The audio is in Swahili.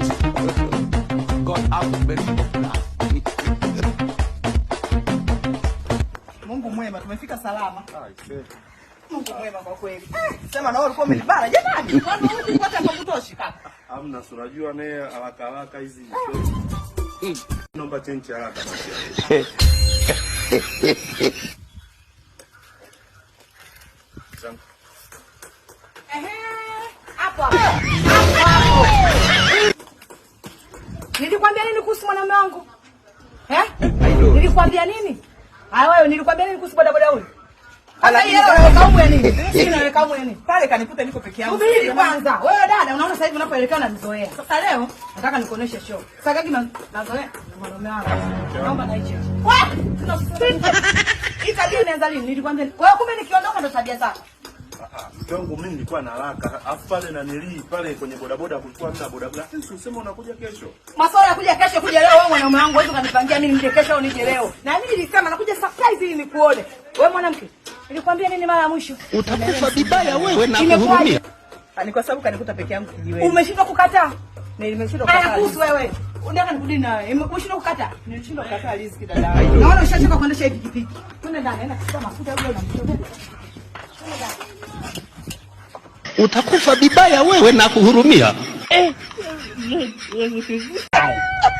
God I'm Mungu mwema, tumefika salama. Ah, Mungu mwema kwa kweli. Eh, sema na wewe ulikuwa umenibara jamani. Kwani huwezi kupata kwa kutoshi kaka? Hamna, si unajua naye haraka haraka hizi. Eh. Naomba chenji haraka Ehe, hapo hapo. Nilikwambia nini kuhusu mwanaume wangu? Eh? Nilikwambia nini? Haya wewe nilikwambia nini kuhusu bodaboda huyu? Pale kanikuta niko peke yangu. Subiri kwanza. Wewe dada, unaona sasa hivi unapoelekea na mzoea. Sasa leo nataka nikuoneshe show. Sasa kaki nazoea mwanaume wangu. Naomba na hicho. Kwa? tunasubiri. Ikadi unaanza lini? Nilikwambia. Wewe kumbe nikiondoka ndo tabia zako mtongo, mimi nilikuwa na haraka, afu pale na nilii pale kwenye bodaboda kuchukua mna bodaboda, sisi useme unakuja kesho, masuala ya kuja kesho, kuja leo. Wewe mwanaume wangu wewe ukanipangia mimi nije kesho au nije leo, na mimi nilisema nakuja surprise ili nikuone wewe. Mwanamke, nilikwambia nini mara ya mwisho? Utakufa vibaya wewe, na kuhurumia ah, ni kwa sababu kanikuta peke yangu kijiweni. Umeshindwa kukataa, nimeshindwa kukataa wewe Unataka nikudi nawe. Umeshindwa kukata. Nilishindwa kukata riziki dada. Naona ushachoka kuendesha hii pikipiki. Twende ndani, naenda kuchukua mafuta yule unamchomea. Utakufa bibaya wewe na kuhurumia eh. eh, eh, eh